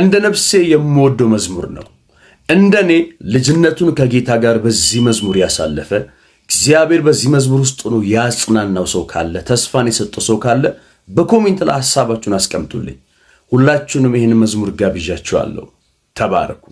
እንደ ነፍሴ የምወደው መዝሙር ነው። እንደ እኔ ልጅነቱን ከጌታ ጋር በዚህ መዝሙር ያሳለፈ እግዚአብሔር በዚህ መዝሙር ውስጥ ሆኖ ያጽናናው ሰው ካለ ተስፋን የሰጠው ሰው ካለ በኮሜንት ላይ ሀሳባችሁን አስቀምጡልኝ። ሁላችሁንም ይህን መዝሙር ጋብዣችኋለሁ። ተባረኩ።